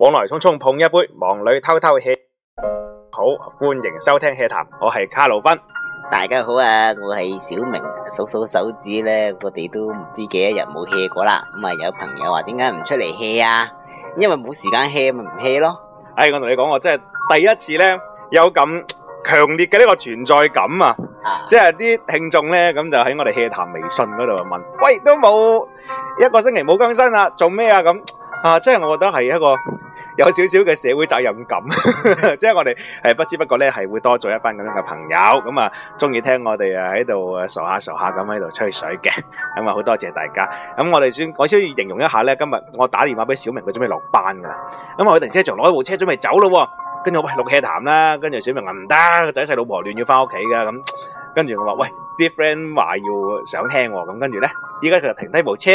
往來匆匆碰一杯，忙裏偷偷 hea。好，歡迎收聽 hea 談，我係卡路賓。大家好啊，我係小明。數數手指咧，我哋都唔知幾多日冇 hea 過啦。咁啊，有朋友話點解唔出嚟 hea 啊？因為冇時間 hea 咪唔 hea 咯。哎，我同你講，我真係第一次咧有咁強烈嘅呢個存在感啊！即係啲聽眾咧咁就喺我哋 hea 談微信嗰度問：喂，都冇一個星期冇更新啦，做咩啊？咁。啊，即係我覺得係一個有少少嘅社會責任感，即係我哋係不知不覺咧係會多咗一班咁樣嘅朋友，咁啊中意聽我哋啊喺度傻下傻下咁喺度吹水嘅，咁啊好多謝大家。咁我哋先，我先形容一下咧，今日我打電話俾小明，佢準備落班噶啦，咁啊佢停車場攞部車準備走咯，啊，跟住我喂六氣談啦，跟住小明話唔得，個仔細老婆亂要翻屋企噶，咁跟住我話喂，啲 friend 話要想聽喎，啊，咁跟住咧，依家佢就停低部車。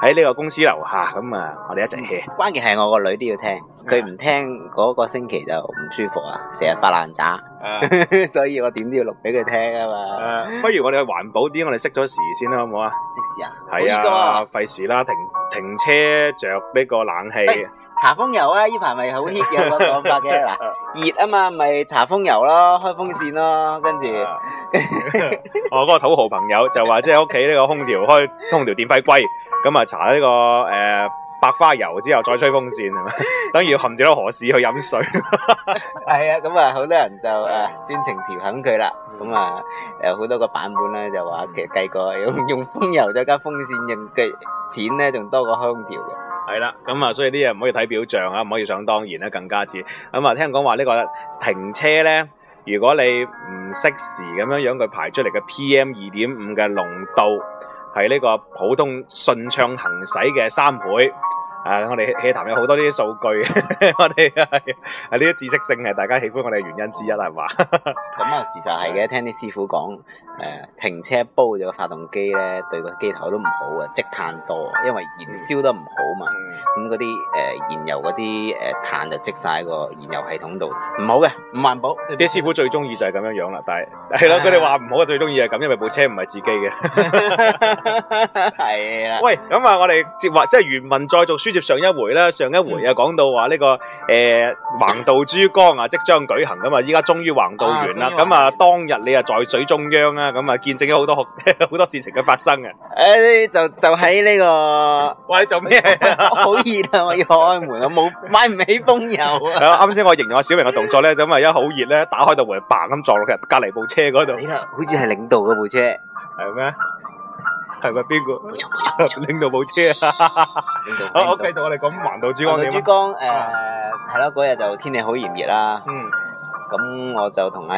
喺呢個公司樓下咁啊，我哋一齊 heat。關鍵係我個女都要聽，佢、嗯、唔聽嗰、嗰個星期就唔舒服啊，成日發爛渣，嗯、 所以我點都要錄俾佢聽啊嘛、嗯嗯。不如我哋去環保啲，我哋熄咗時先啦，好唔好啊？熄時啊？係啊，費事啦，停停車着呢個冷氣。查風油啊，呢排咪好 hit 有個講法嘅嗱，熱 啊嘛，咪、就、查、是、風油咯，開風扇咯，跟住、嗯、 我嗰個土豪朋友就話，即係屋企呢個空調開 空調電費貴。咁啊、這個，搽呢個誒白花油之後再吹風扇，係 咪？ 等於含住粒河氏去飲水。係啊，咁啊，好多人就誒專、呃、程調肯佢啦。咁啊，有、呃、好多個版本咧，就話其實計過用用風油再加風扇用嘅錢咧，仲多過空調嘅。係啦，咁啊，所以啲嘢唔可以睇表象啊，唔可以想當然咧，更加似。咁啊，聽人講話呢個停車咧，如果你唔適時咁樣樣，佢排出嚟嘅 P M 二點五嘅濃度。係呢個普通順暢行駛嘅三倍。啊！我哋汽壇有好多呢啲數據， 我哋係呢啲知識性係大家喜歡我哋嘅原因之一，係嘛？咁啊，事實係嘅。聽啲師傅講，誒、呃，停車煲咗個發動機咧，對個機頭都唔好嘅，積碳多，因為燃燒得唔好嘛。咁嗰啲誒燃油嗰啲誒碳就積晒個燃油系統度，唔好嘅，唔環保。啲師傅最中意就係咁樣、啊、是是咁樣啦，但係係咯，佢哋話唔好嘅，最中意係咁，因為部車唔係自己嘅。係啊。喂，咁啊，我哋接話即係原文再做書。接上一回咧，上一回啊、這個，講到話呢個誒橫渡珠江將渡啊，即將舉行㗎嘛，依家終於橫渡完啦。咁啊，當日你啊在水中央啦，咁啊見證咗好多好多事情嘅發生嘅。誒、哎，就就喺呢、這個，喂，做咩好熱啊！我要開門我冇啊，冇買唔起風油。啊，啱先我形容阿小明嘅動作咧，咁啊一好熱咧，打開道門，嘭咁撞落去隔籬部車嗰度。咦，好似係領導嘅部車。係咩？係咪邊個？冇錯冇錯，領導冇車。好，繼續我哋講橫渡珠江。橫渡珠江，誒，係咯，嗰日就天氣好炎熱啦。嗯。咁我就同阿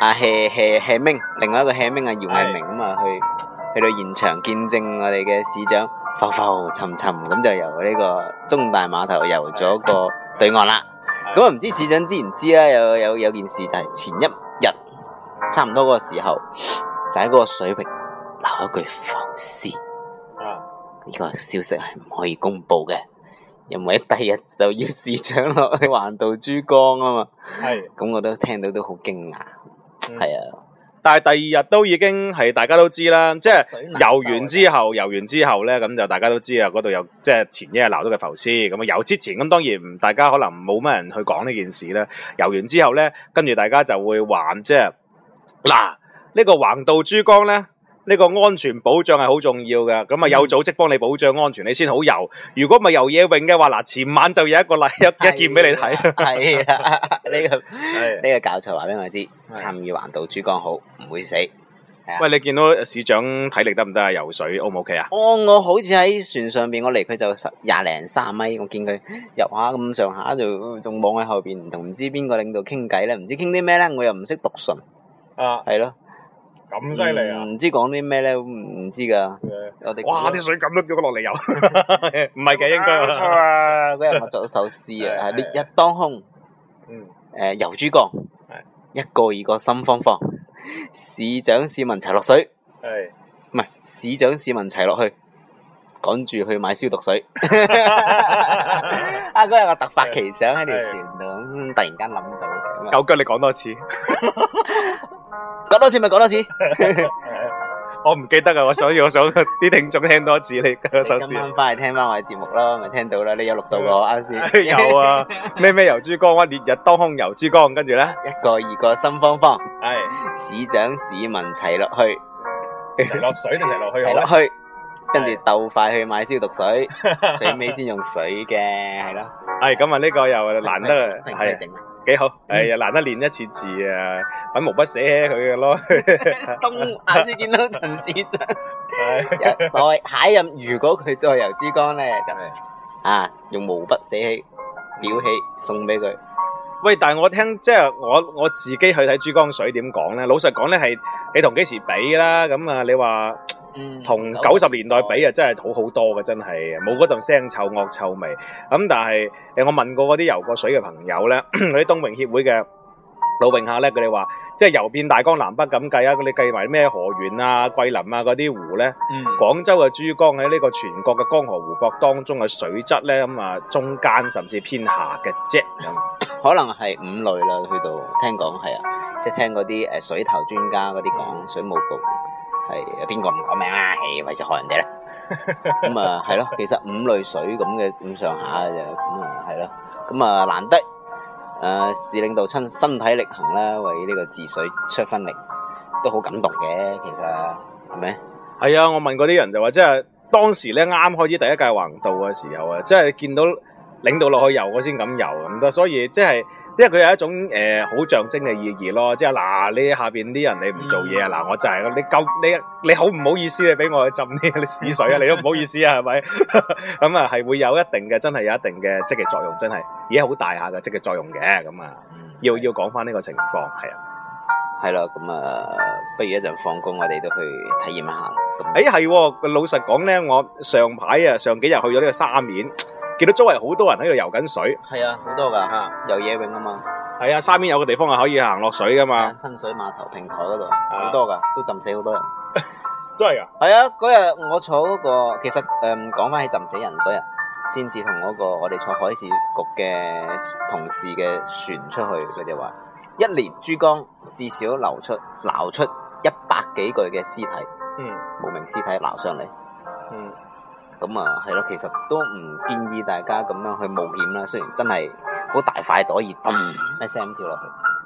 阿 hea hea hea Ming，另外一個 hea Ming 啊姚藝明，咁啊去去到現場見證我哋嘅市長浮浮沉沉，咁就由呢個中大碼頭游咗個對岸啦。咁啊，唔知市長知唔知啦？有有有件事就係前一日，差唔多嗰個時候，就喺嗰個水平。鬧一句浮屍啊！呢、這個消息係唔可以公布嘅，因為第日就要市長落去橫渡珠江啊嘛。係，咁我都聽到都好驚訝，係、嗯、啊。但係第二日都已經係大家都知啦，即係遊，遊完之後，遊完之後咧，咁就大家都知啊。嗰度有即係前一日鬧到嘅浮屍，咁啊遊之前，咁當然大家可能冇乜人去講呢件事啦。遊完之後咧，跟住大家就會話，即係嗱，呢、這個橫渡珠江咧。呢個安全保障係好重要嘅，咁啊有組織幫你保障安全，你先好遊。如果唔係遊野泳嘅話，嗱，前晚就有一個例一一件俾你睇。係啊，呢個呢個教授話俾我知，參與橫渡珠江好，唔會死。喂，你見到市長體力得唔得啊？游水 O 唔 OK 啊？哦，我好似喺船上邊，我離佢就十廿零三十米，我見佢入下咁上下，就仲望喺後邊，唔同唔知邊個領導傾偈咧，唔知傾啲咩咧，我又唔識讀唇。啊，係咯。咁犀利啊！唔、嗯、知講啲咩咧，唔知噶。Yeah. 我哋哇啲水咁都掉咗落嚟游，唔係嘅應該嗰 日我作咗首詩 啊，烈日當空，誒、呃、游珠江，一個二個心慌慌，市長市民齊落水，唔係市長市民齊落去，趕住去買消毒水。 啊！嗰、啊、日我突發奇想喺條船度、嗯、突然間諗到。九哥，狗腳你講多次。 講多次咪講多次，次 我唔記得啊，我所以我想啲聽眾聽多次呢首詩。今晚翻嚟聽翻我哋節目咯，咪 聽到啦？你有錄到我啱先？ 有啊，咩咩游珠江，烈日當空，游珠江，跟住咧，一個二個心慌慌，係市長市民齊落去，齊落水定齊落去落去，跟住鬥快去買消毒水， 最尾先用水嘅，係啦。係咁啊，呢個又難得啊，係。幾好，哎呀，難得練一次字啊，揾毛筆寫起佢嘅咯。東，啱先見到陳市長，再下一任，如果佢再游珠江咧，就係啊，用毛筆寫起，裱起送俾佢。喂，但係我聽即係我我自己去睇珠江水點講咧，老實講咧係你同幾時比啦，咁啊，你話。同九十年代比啊，嗯，真係好好多噶真係冇嗰陣腥臭惡臭味。咁，嗯，但係誒，我問過嗰啲游過水嘅朋友咧，嗰啲 東泳協會嘅老泳客咧，佢哋話即係游遍大江南北咁計啊，佢哋計埋咩，河源啊，桂林啊嗰啲湖咧，廣，嗯，州嘅珠江喺呢個全國嘅江河湖泊當中嘅水質咧，咁啊中間甚至偏下嘅啫，嗯。可能係五類啦，去到聽講係啊，即，就，係，是，聽嗰啲誒水頭專家嗰啲講水務局。係有邊個唔講名啊？為咗害人哋咧，咁啊係咯。其實五類水咁嘅咁上下就咁啊係咯，咁啊、嗯嗯、難得誒，市、呃、領導親身體力行啦，為呢個治水出分力，都好感動嘅。其實係咪？係啊、哎，我問嗰啲人就話，即係當時咧啱開始第一屆橫渡嘅時候啊，即、就、係、是、見到領導落去游，我先敢游咁。所以即係。因為佢有一種誒好、呃、象徵嘅意義咯，即係嗱，你下邊啲人你唔做嘢啊，嗱、嗯、我就係你夠你你好唔好意思啊？俾我去浸啲屎水啊，你都唔好意思啊，係 咪是吧？咁啊係會有一定嘅，真係有一定嘅積極作用，真係而家好大下嘅積極作用嘅，咁、嗯、啊、嗯、要要講翻呢個情況，係啊，係咯，咁啊不如一陣放工，我哋都去體驗一下。誒係、欸，老實講咧，我上排啊上幾日去咗呢個沙面。見到周圍好多人喺度游緊水，係啊，好多噶，游野泳啊嘛。係啊，沙面有個地方係可以行落水噶嘛，親水碼頭平台嗰度，好多噶，都浸死好多人，真係啊？係啊，嗰日我坐嗰個，其實誒講翻起浸死人嗰日，先至同嗰個我哋坐海事局嘅同事嘅船出去，佢哋話一年珠江至少流出撈出一百幾具嘅屍體，嗯，無名屍體撈上嚟，嗯。咁啊，係咯，其實都唔建議大家咁樣去冒險啦。雖然真係好大塊朵而嘣一聲跳落去，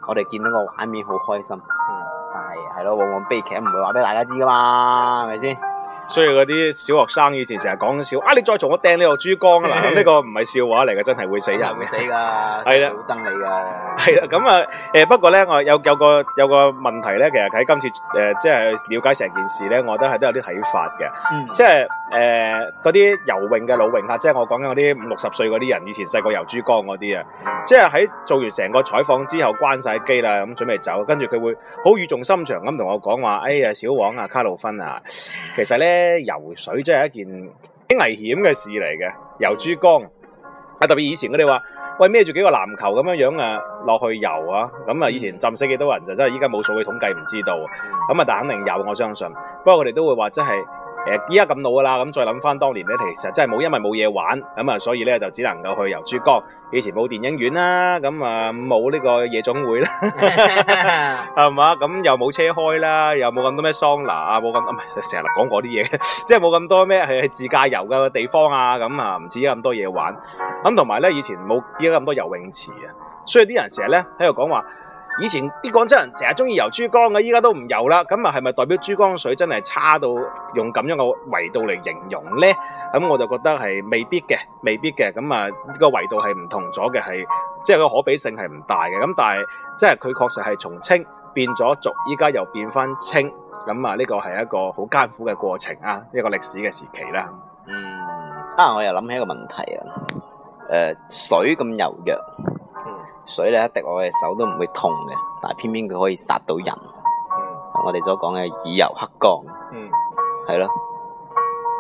我哋見到個畫面好開心，但係係咯，往往悲劇唔會話畀大家知噶嘛，係咪先？所以嗰啲小學生以前成日講笑啊！你再從我掟你落珠江啊！嗱，呢個唔係笑話嚟嘅，真係會死人嘅，人會死㗎，係 啦，好憎你㗎。係啦，咁啊，誒、嗯嗯嗯、不過咧，我有有個有個問題咧，其實喺今次誒即係了解成件事咧，我都係都有啲睇法嘅、嗯。即係誒嗰啲游泳嘅老泳客，即係我講緊嗰啲五六十歲嗰啲人，以前細個游珠江嗰啲啊。即係喺做完成個採訪之後關晒機啦，咁準備走，跟住佢會好語重心長咁同我講話，哎呀，小王啊，卡路芬啊，其實咧。咧游水真係一件幾危險嘅事嚟嘅，游珠江、嗯、別啊，特別以前佢哋話喂孭住幾個籃球咁樣樣啊落去游啊，咁、嗯、啊以前浸死幾多人就真係依家冇數據統計唔知道，咁啊但肯定有我相信，不過佢哋都會話即係。就是誒，依家咁老噶啦，咁再諗翻當年咧，其實真係冇，因為冇嘢玩，咁啊，所以咧就只能夠去游珠江。以前冇電影院啦，咁啊冇呢個夜總會啦，係 嘛， 咁又冇車開啦，又冇咁多咩桑拿啊，冇咁唔係成日講嗰啲嘢，即係冇咁多咩係自駕遊嘅地方啊，咁啊唔知有咁多嘢玩。咁同埋咧，以前冇依家咁多游泳池啊，所以啲人成日咧喺度講話。以前啲廣州人成日中意游珠江嘅，依家都唔游啦。咁啊，係咪代表珠江水真係差到用咁樣嘅維度嚟形容咧？咁我就覺得係未必嘅，未必嘅。咁啊，呢個維度係唔同咗嘅，係即係個可比性係唔大嘅。咁但係即係佢確實係從清變咗濁，依家又變返清。咁啊，呢個係一個好艱苦嘅過程啊，一個歷史嘅時期啦。嗯，啊，我又諗起一個問題啊，呃，水咁柔弱。水咧一滴，我嘅手都唔會痛嘅，但係偏偏佢可以殺到人。嗯，我哋所講嘅以柔克剛。嗯，係咯，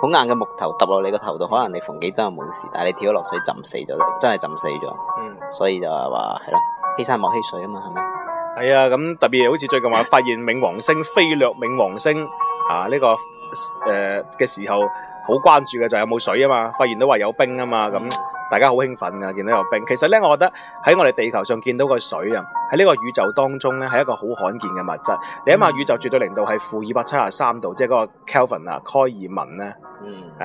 好硬嘅木頭揼落你個頭度，可能你縫幾針係冇事，但係你跳落水浸死咗真係浸死咗。嗯，所以就係話，係咯，欺山莫欺水啊嘛，係咪？係啊，咁特別好似最近話發現冥王星 飛掠冥王星啊，呢、呢個誒嘅、呃、時候好關注嘅就係、有冇水啊嘛，發現都話有冰啊嘛咁。大家好興奮噶，見到有冰。其實咧，我覺得喺我哋地球上見到個水啊，喺呢個宇宙當中咧，係一個好罕見嘅物質。嗯、你諗下，宇宙絕對零度係負二百七十三度，即係嗰個 Kelvin、嗯、啊，開爾文咧，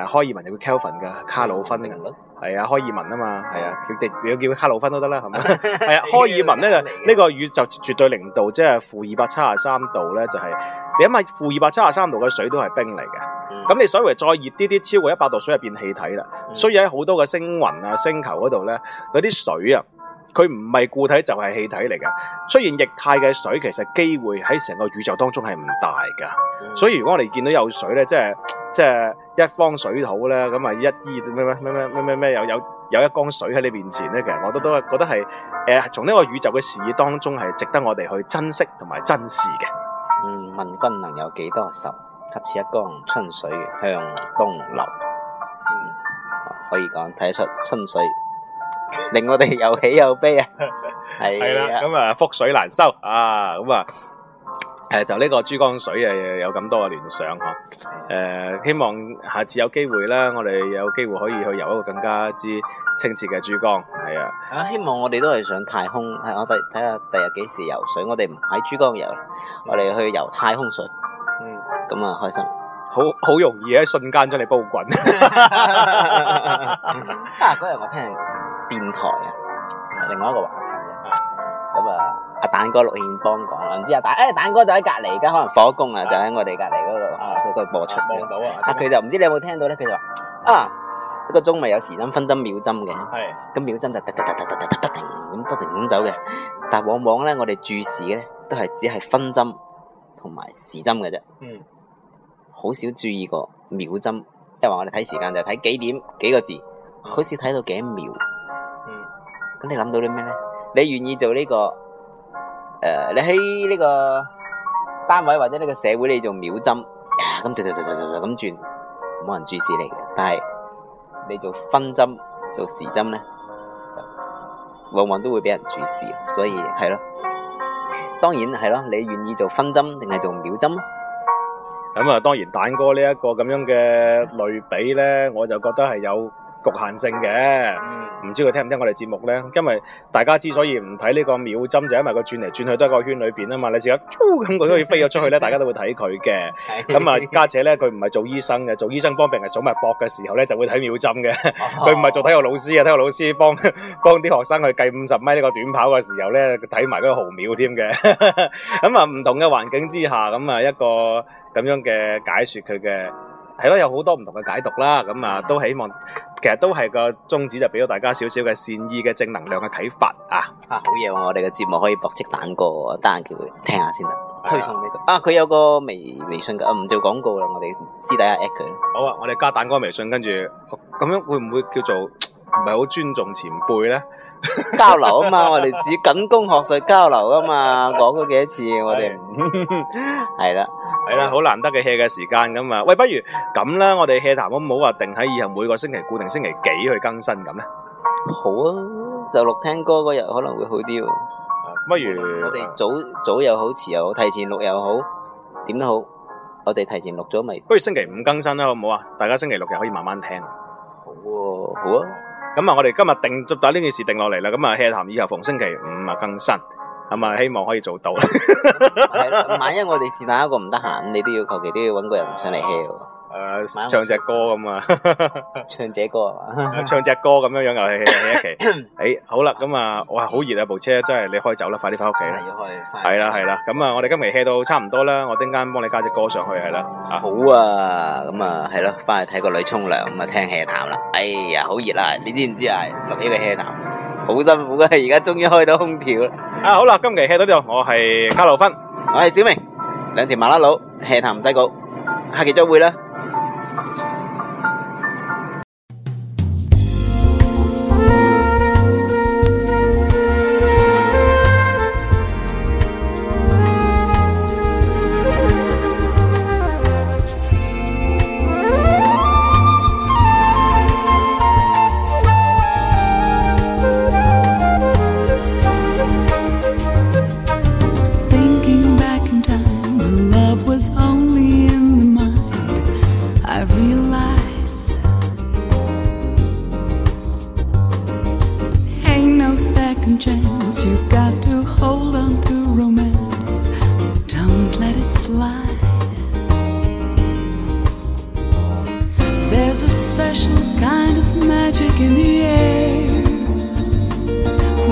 誒，開爾文又叫 Kelvin 嘅卡魯芬嘅人，係啊，開 爾文啊嘛，係啊，佢哋有叫卡魯芬都得啦，係咪？係啊，開爾文咧，呢個宇宙絕對零度，即係負二百七十三度咧，就係、係、你諗下，負二百七十三度嘅水都係冰嚟嘅。咁、嗯、你所謂再熱啲啲超過一百度水入面氣體啦、嗯，所以喺好多嘅星雲啊、星球嗰度咧，嗰啲水啊，佢唔係固體就係、是、氣體嚟嘅。雖然液態嘅水其實機會喺成個宇宙當中係唔大噶、嗯，所以如果我哋見到有水咧，即係即係一方水土咧，咁啊一依咩咩咩咩咩咩，又有有，有一缸水喺你面前咧，其實我都都係覺得係誒、呃，從呢個宇宙嘅視野當中係值得我哋去珍惜同埋珍視嘅。嗯，問君能有幾多愁？恰似一江春水向東流，可以講睇得出春水令我哋又喜又悲啊！係啦，咁啊覆水難收啊！咁啊，誒就呢個珠江水誒有咁多嘅聯想嗬？誒，希望下次有機會啦，我哋有機會可以去游一個更加之清澈嘅珠江。係啊，啊希望我哋都係上太空。我哋睇下第日幾時游水，我哋唔喺珠江游，我哋去游太空水。咁啊，開心，好好容易一瞬間將你煲滾。 啊，嗰日我聽電台啊，另外一個話題啊。咁啊，阿蛋哥陸憲邦講啦，唔知阿蛋，誒、欸，蛋哥就喺隔籬，而家可能火工啊，就喺我哋隔籬嗰度啊，佢、嗰個、播出到啊，佢、啊、就唔知你有冇聽到咧，佢就話啊，一、呢個鐘咪有時針、分針、秒針嘅。係，咁秒針就噠噠噠噠噠噠噠不停咁不停咁走嘅，但往往咧我哋注視咧都係只係分針同埋時針嘅啫，嗯。好少注意過秒針，即係話我哋睇時間就睇幾點幾個字，好少睇到幾多秒。咁、嗯、你諗到啲咩咧？你願意做呢、呢個誒、呃？你喺呢個單位或者呢個社會你做秒針，咁、啊、就就就就就咁轉，冇人注視你嘅。但係你做分針做時針咧，就往往都會俾人注視。所以係咯，當然係咯，你願意做分針定係做秒針？咁啊，當然蛋哥呢一個咁樣嘅類比咧，我就覺得係有局限性嘅。唔知佢聽唔聽我哋節目咧？因為大家之所以唔睇呢個秒針，就是、因為佢轉嚟轉去都喺個圈裏邊啊嘛。 你試一下咁，佢都要飛咗出去咧，大家都會睇佢嘅。咁 啊，加且咧，佢唔係做醫生嘅，做醫生幫病人數脈搏嘅時候咧，就會睇秒針嘅。佢唔係做體育老師嘅，體育老師幫幫啲學生去計五十米呢個短跑嘅時候咧，睇埋嗰個毫秒添嘅。咁 啊，唔同嘅環境之下，咁啊一個咁樣嘅解說佢嘅，係咯，有好多唔同嘅解讀啦。咁啊，都希望。其實都係個宗旨，就俾咗大家少少嘅善意嘅正能量嘅啟發啊！啊，好嘢喎！我哋嘅節目可以博積蛋糕，得閒叫佢聽下先啦。推送俾佢啊！佢有個微微信嘅，唔做廣告啦。我哋私底下 at 佢。好啊，我哋加蛋糕微信，跟住咁樣會唔會叫做唔係好尊重前輩咧？交流啊嘛， 我哋只僅供學術交流噶嘛，講過幾多次，我哋係啦。 係啦、啊，好難得嘅 hea 嘅時間咁啊！喂，不如咁啦，我哋 hea 談，好唔好話定喺以後每個星期固定星期幾去更新咁咧？好啊，就錄聽歌嗰日可能會好啲，啊。不如我哋早、啊、早又好，遲又好，提前錄又好，點都好，我哋提前錄咗咪？不如星期五更新啦，好唔好啊？大家星期六日可以慢慢聽。好啊，好啊。咁啊，我哋今日定，但係呢件事定落嚟啦。咁啊 hea 談，以後逢星期五啊更新。係咪希望可以做到？係咯，萬一我哋是但一個唔得閒，咁你都要求其都要搵個人唱嚟 hea。誒，唱隻歌咁啊！唱隻歌啊嘛！唱隻歌咁樣樣又 heaheahea 一期。誒，好啦，咁啊，哇，好熱啊！部車真係你可以走啦，快啲翻屋企啦，要開。係啦，係啦，咁啊，我哋今日 hea 到差唔多啦，我等間幫你加隻歌上去係啦。啊，好啊，咁啊，係咯，翻去睇個女沖涼，咁啊，聽 hea 談啦。哎呀，好熱啊！你知唔知啊？落呢個 hea 談，好辛苦啊，而家終於開到空調。啊好啦，今期 hea 到呢度，我係卡羅芬，我係小明，兩條麻甩佬 hea 下唔使稿，下期再會啦。